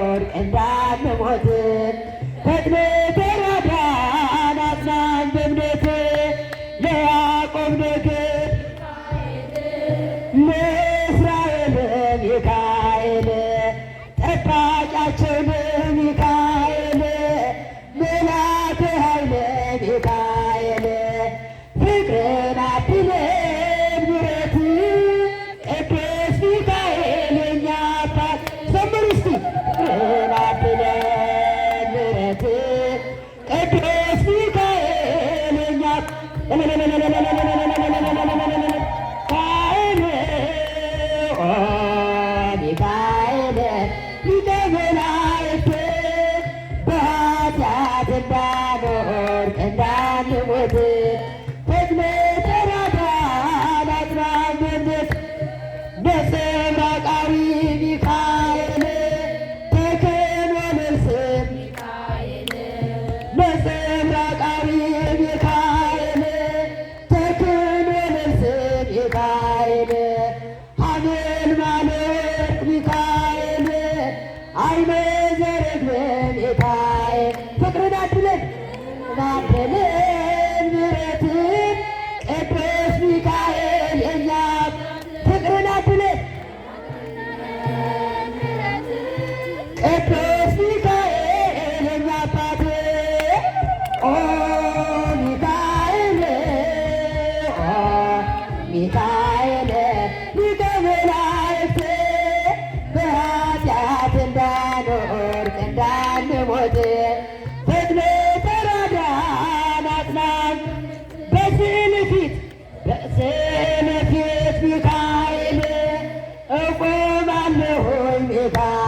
በወድቅ እንዳልሞት ፈጥኖ ተራዳን አጽናኝ በእምነት ለያዕቆብ ንግድ ለእስራኤል ሚካኤል ጠባቂያቸው በሰብራቃዊ ሚካኤል ተከኖ መልስ I may 다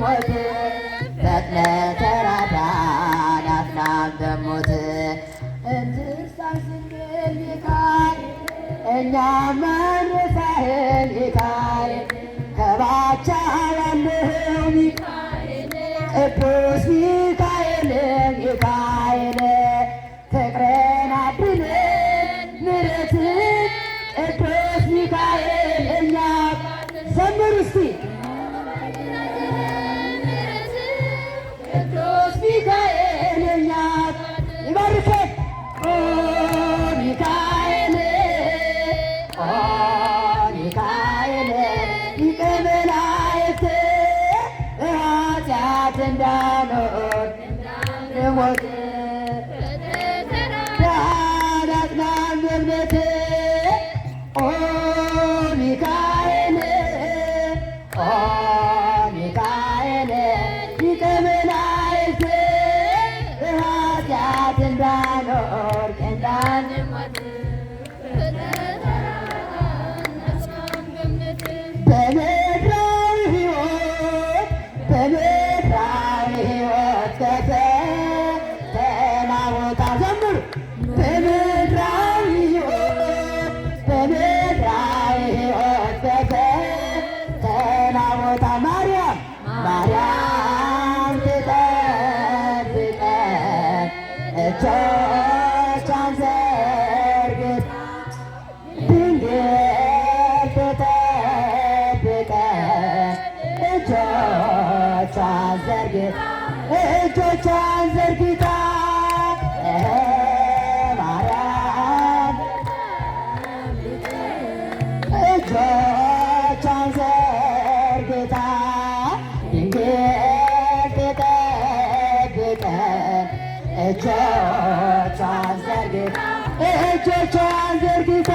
ሞት ፈጥነ ተራዳን አፍናን በሞት እኛ መንሳህን ሚካኤል ከባቻ ያለኸው ሚካኤል ቅዱስ ሚካኤል ሚካኤል ፍቅርን አድለን ምሕረትን ሞት ሚካኤል ሚካኤል ሊቀ መላእክት ኃጢአት እንዳንወድቅ እንዳንሞት በ ማርያም ዘርግታ ማርያም እጆቿን ዘርግታ ድንግል እጆቿን ዘርግታ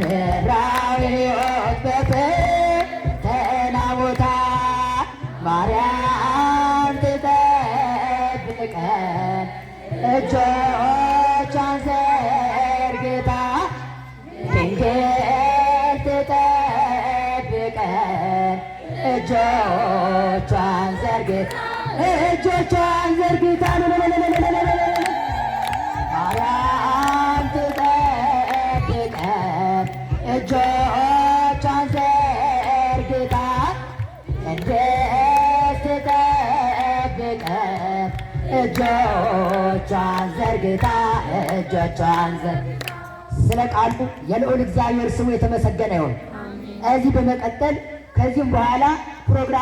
ከደብራዊ ወተት ተናቦታ ማርያም ትጠብቀን እጆቿን ዘርግታ ድንግል ትጠብቀ እጆቿን ዘርግታ እጆቿን ዘርግታ እጆቿን ዘርግታ እጆቿን ዘርግታ ስለ ቃሉ የልዑል እግዚአብሔር ስሙ የተመሰገነ ይሁን። እዚህ በመቀጠል ከዚህም በኋላ ፕሮግራም